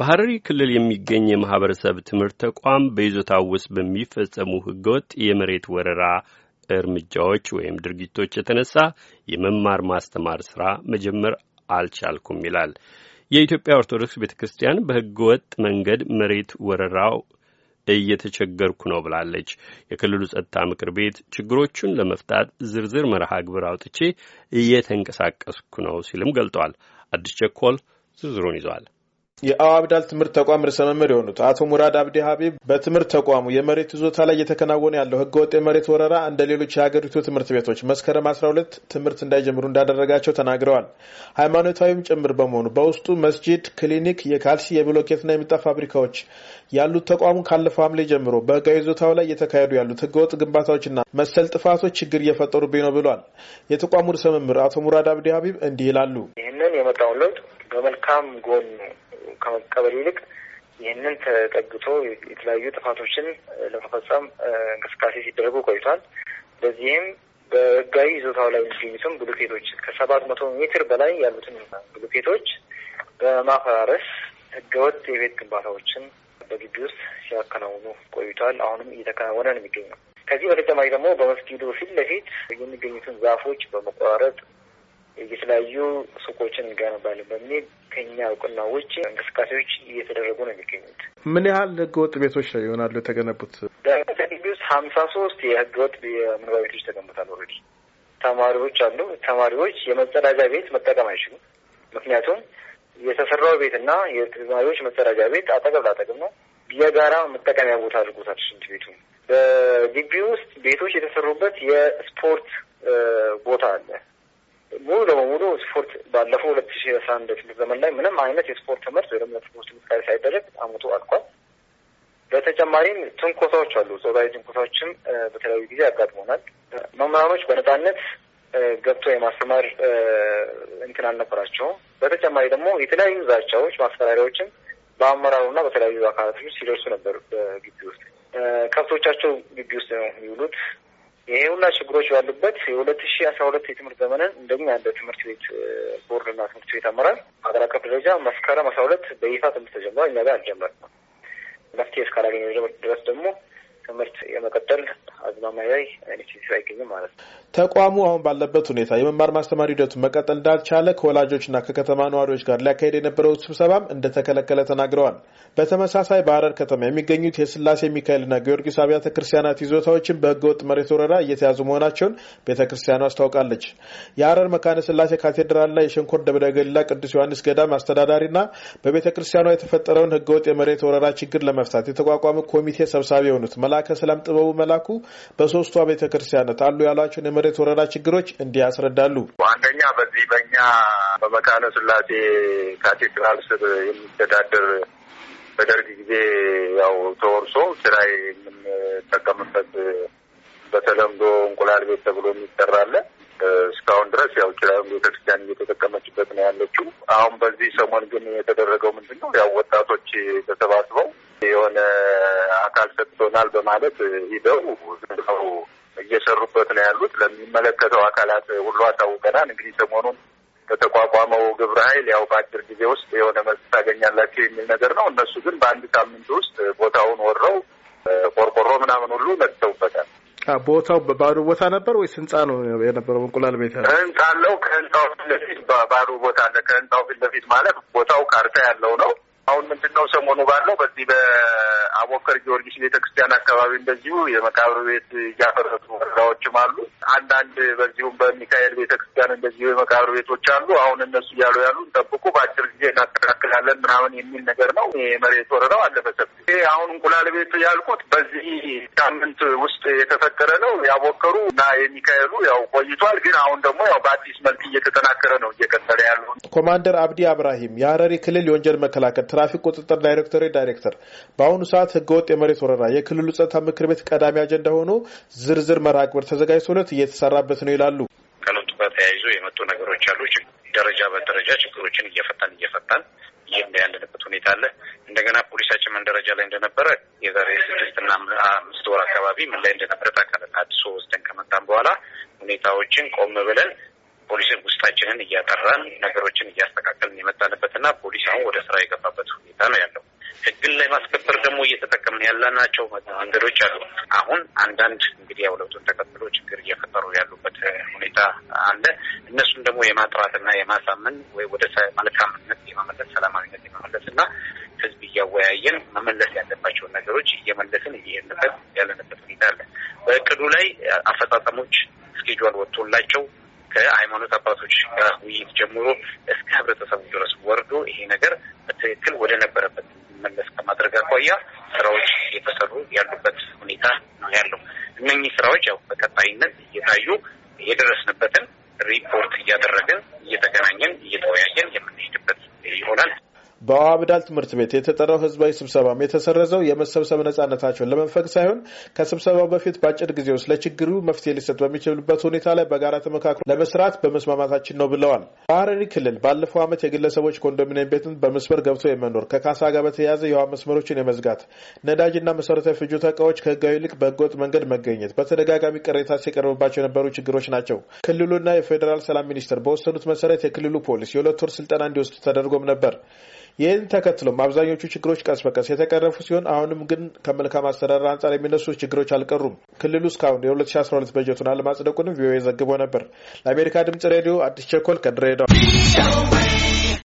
በሐረሪ ክልል የሚገኝ የማህበረሰብ ትምህርት ተቋም በይዞታው ውስጥ በሚፈጸሙ ህገወጥ የመሬት ወረራ እርምጃዎች ወይም ድርጊቶች የተነሳ የመማር ማስተማር ስራ መጀመር አልቻልኩም ይላል። የኢትዮጵያ ኦርቶዶክስ ቤተ ክርስቲያን በህገ ወጥ መንገድ መሬት ወረራው እየተቸገርኩ ነው ብላለች። የክልሉ ጸጥታ ምክር ቤት ችግሮቹን ለመፍታት ዝርዝር መርሃ ግብር አውጥቼ እየተንቀሳቀስኩ ነው ሲልም ገልጧል። አዲስ ቸኮል ዝርዝሩን ይዟል። የአዋብዳል ትምህርት ተቋም ርዕሰ መምህር የሆኑት አቶ ሙራድ አብዲ ሀቢብ በትምህርት ተቋሙ የመሬት ይዞታ ላይ እየተከናወነ ያለው ህገወጥ የመሬት ወረራ እንደ ሌሎች የሀገሪቱ ትምህርት ቤቶች መስከረም 12 ትምህርት እንዳይጀምሩ እንዳደረጋቸው ተናግረዋል። ሃይማኖታዊም ጭምር በመሆኑ በውስጡ መስጂድ፣ ክሊኒክ፣ የካልሲ የብሎኬትና የሚጣ ፋብሪካዎች ያሉት ተቋሙ ካለፈው ሐምሌ ጀምሮ በህጋዊ ይዞታው ላይ እየተካሄዱ ያሉት ህገወጥ ግንባታዎችና መሰል ጥፋቶች ችግር እየፈጠሩብኝ ነው ብሏል። የተቋሙ ርዕሰ መምህር አቶ ሙራድ አብዲ ሀቢብ እንዲህ ይላሉ። ይህንን የመጣውን ለውጥ በመልካም ጎን ከመቀበል ይልቅ ይህንን ተጠግቶ የተለያዩ ጥፋቶችን ለመፈጸም እንቅስቃሴ ሲደረጉ ቆይቷል። በዚህም በህጋዊ ይዞታው ላይ የሚገኙትን ብሎኬቶች ከሰባት መቶ ሜትር በላይ ያሉትን ብሎኬቶች በማፈራረስ ህገወጥ የቤት ግንባታዎችን በግቢ ውስጥ ሲያከናውኑ ቆይቷል። አሁንም እየተከናወነ ነው የሚገኘው። ከዚህ በተጨማሪ ደግሞ በመስጊዱ ፊት ለፊት የሚገኙትን ዛፎች በመቆራረጥ የተለያዩ ሱቆችን እንገነባለን በሚል ከኛ እውቅና ውጭ እንቅስቃሴዎች እየተደረጉ ነው የሚገኙት። ምን ያህል ህገወጥ ቤቶች ይሆናሉ የተገነቡት? በግቢ ውስጥ ሀምሳ ሶስት የህገወጥ የመኖሪያ ቤቶች ተገንብተዋል። ኦልሬዲ ተማሪዎች አሉ። ተማሪዎች የመጸዳጃ ቤት መጠቀም አይችሉም። ምክንያቱም የተሰራው ቤትና የተማሪዎች መጸዳጃ ቤት አጠገብ ላጠገብ ነው። የጋራ መጠቀሚያ ቦታ አድርጎታል ሽንት ቤቱ። በግቢ ውስጥ ቤቶች የተሰሩበት የስፖርት ቦታ አለ። ሙሉ ለሙሉ ስፖርት ባለፈው ሁለት ሺ አስራ አንድ የትምህርት ዘመን ላይ ምንም አይነት የስፖርት ትምህርት ወይም ስፖርት ምሳሌ ሳይደረግ አመቱ አልቋል። በተጨማሪም ትንኮሳዎች አሉ። ጾታዊ ትንኮሳዎችም በተለያዩ ጊዜ ያጋጥመናል። መምህራኖች በነጻነት ገብቶ የማስተማር እንትን አልነበራቸውም። በተጨማሪ ደግሞ የተለያዩ ዛቻዎች፣ ማስፈራሪያዎችም በአመራሩና በተለያዩ አካላቶች ሲደርሱ ነበር። በግቢ ውስጥ ከብቶቻቸው ግቢ ውስጥ ነው የሚውሉት። ይሄ ሁላ ችግሮች ባሉበት የሁለት ሺ አስራ ሁለት የትምህርት ዘመንን እንደኛ ያለ ትምህርት ቤት ቦርድ ቦርድና ትምህርት ቤት አመራር ሀገር አቀፍ ደረጃ መስከረም አስራ ሁለት በይፋ ትምህርት ተጀምሯል። እኛ ጋር አልጀመርም። መፍትሄ እስካላገኘ ድረስ ደግሞ ትምህርት የመቀጠል አዝማማያዊ ኢንስቲትዩት አይገኝም ማለት ነው። ተቋሙ አሁን ባለበት ሁኔታ የመማር ማስተማር ሂደቱን መቀጠል እንዳልቻለ ከወላጆችና ከከተማ ነዋሪዎች ጋር ሊያካሄድ የነበረው ስብሰባም እንደተከለከለ ተናግረዋል። በተመሳሳይ በሐረር ከተማ የሚገኙት የስላሴ ሚካኤልና ጊዮርጊስ አብያተ ክርስቲያናት ይዞታዎችን በህገወጥ መሬት ወረራ እየተያዙ መሆናቸውን ቤተ ክርስቲያኗ አስታውቃለች። የሐረር መካነ ስላሴ ካቴድራልና የሸንኮር ደብረ ገሊላ ቅዱስ ዮሐንስ ገዳም አስተዳዳሪና በቤተ ክርስቲያኗ የተፈጠረውን ህገወጥ የመሬት ወረራ ችግር ለመፍታት የተቋቋመ ኮሚቴ ሰብሳቢ የሆኑት መላከ ሰላም ጥበቡ መላኩ በሶስቱ ቤተ ክርስቲያናት አሉ ያሏቸውን የመሬት ወረራ ችግሮች እንዲህ ያስረዳሉ። አንደኛ በዚህ በእኛ በመካነ ስላሴ ካቴድራል ስር የሚተዳደር በደርግ ጊዜ ያው ተወርሶ ስራ የምንጠቀምበት በተለምዶ እንቁላል ቤት ተብሎ የሚጠራለ እስካሁን ድረስ ያው ኪራዩን ቤተክርስቲያን እየተጠቀመችበት ነው ያለችው። አሁን በዚህ ሰሞን ግን የተደረገው ምንድን ነው ያው ወጣቱ ማለት ሂደው ዝው እየሰሩበት ነው ያሉት። ለሚመለከተው አካላት ሁሉ አሳውቀናል። እንግዲህ ሰሞኑን በተቋቋመው ግብረ ኃይል ያው በአጭር ጊዜ ውስጥ የሆነ መልስ ታገኛላቸው የሚል ነገር ነው። እነሱ ግን በአንድ ሳምንት ውስጥ ቦታውን ወረው ቆርቆሮ ምናምን ሁሉ መጥተውበታል። ቦታው በባዶ ቦታ ነበር ወይስ ህንፃ ነው የነበረው? እንቁላል ቤት ህንፃ አለው። ከህንፃው ፊት ለፊት ባዶ ቦታ አለ። ከህንፃው ፊት ለፊት ማለት ቦታው ካርታ ያለው ነው። አሁን ምንድን ነው ሰሞኑ ባለው በዚህ በአቦከር ጊዮርጊስ ቤተክርስቲያን አካባቢ እንደዚሁ የመቃብር ቤት እያፈረሱ ወረዳዎችም አሉ። አንዳንድ በዚሁም በሚካኤል ቤተክርስቲያን እንደዚሁ የመቃብር ቤቶች አሉ። አሁን እነሱ እያሉ ያሉ ጠብቁ፣ በአጭር ጊዜ እናጠቃ እንቁላለን ምናምን የሚል ነገር ነው። የመሬት ወረራው አለ በሰፊ አሁን እንቁላል ቤት ያልኩት በዚህ ሳምንት ውስጥ የተፈጠረ ነው። ያቦከሩ እና የሚካኤሉ ያው ቆይቷል፣ ግን አሁን ደግሞ ያው በአዲስ መልክ እየተጠናከረ ነው እየቀጠለ ያለው። ኮማንደር አብዲ አብራሂም የሀረሪ ክልል የወንጀል መከላከል ትራፊክ ቁጥጥር ዳይሬክቶሬት ዳይሬክተር በአሁኑ ሰዓት ህገወጥ የመሬት ወረራ የክልሉ ጸጥታ ምክር ቤት ቀዳሚ አጀንዳ ሆኖ ዝርዝር መርሃ ግብር ተዘጋጅቶለት እየተሰራበት ነው ይላሉ። ከለውጡ ጋር ተያይዞ የመጡ ነገሮች አሉ። ደረጃ በደረጃ ችግሮችን እየፈታን እየፈታን እየሄድን ያለንበት ሁኔታ አለ። እንደገና ፖሊሳችን ምን ደረጃ ላይ እንደነበረ የዛሬ ስድስትና አምስት ወር አካባቢ ምን ላይ እንደነበረ ታውቃለህ። አዲሶ ወስደን ከመጣን በኋላ ሁኔታዎችን ቆም ብለን ፖሊስን ውስጣችንን እያጠራን ነገሮችን እያስተካከልን የመጣንበትና ፖሊስ አሁን ወደ ስራ የገባበት ሁኔታ ነው ያለው። ህግን ላይ ማስከበር ደግሞ እየተጠቀምን ያላናቸው መንገዶች አሉ። አሁን አንዳንድ እንግዲህ ያው ለውጡን ተከትሎ ችግር እየፈጠሩ ያሉበት ሁኔታ አለ። እነሱን ደግሞ የማጥራትና የማሳመን ወይ ወደ መልካምነት የመመለስ ሰላማዊነት የመመለስ እና ህዝብ እያወያየን መመለስ ያለባቸውን ነገሮች እየመለስን እየሄንበት ያለንበት ሁኔታ አለ። በእቅዱ ላይ አፈጻጸሞች ስኬጁል ወጥቶላቸው ከሃይማኖት አባቶች ጋር ውይይት ጀምሮ እስከ ህብረተሰቡ ድረስ ወርዶ ይሄ ነገር በትክክል ወደ ነበረበት ከማድረግ አኳያ ስራዎች እየተሰሩ ያሉበት ሁኔታ ነው ያለው። እነኚህ ስራዎች ያው በቀጣይነት እየታዩ የደረስንበትን ሪፖርት እያደረግን እየተገናኘን እየተወያየን የምንሄድበት ይሆናል። በአዋብዳል ትምህርት ቤት የተጠራው ህዝባዊ ስብሰባም የተሰረዘው የመሰብሰብ ነጻነታቸውን ለመንፈግ ሳይሆን ከስብሰባው በፊት በአጭር ጊዜ ውስጥ ለችግሩ መፍትሄ ሊሰጥ በሚችልበት ሁኔታ ላይ በጋራ ተመካክሮ ለመስራት በመስማማታችን ነው ብለዋል። በሐረሪ ክልል ባለፈው ዓመት የግለሰቦች ኮንዶሚኒየም ቤትን በመስመር ገብቶ የመኖር ከካሳ ጋር በተያያዘ የውሃ መስመሮችን የመዝጋት ነዳጅና መሰረታዊ ፍጆታ እቃዎች ከህጋዊ ይልቅ በህገወጥ መንገድ መገኘት በተደጋጋሚ ቅሬታ ሲቀርብባቸው የነበሩ ችግሮች ናቸው። ክልሉና የፌዴራል ሰላም ሚኒስቴር በወሰኑት መሰረት የክልሉ ፖሊስ የሁለት ወር ስልጠና እንዲወስድ ተደርጎም ነበር። ይህን ተከትሎም አብዛኞቹ ችግሮች ቀስ በቀስ የተቀረፉ ሲሆን አሁንም ግን ከመልካም አስተዳደር አንጻር የሚነሱ ችግሮች አልቀሩም። ክልሉ እስካሁን የ2012 በጀቱን አለማጽደቁንም ቪኦኤ ዘግቦ ነበር። ለአሜሪካ ድምጽ ሬዲዮ አዲስ ቸኮል ከድሬዳዋ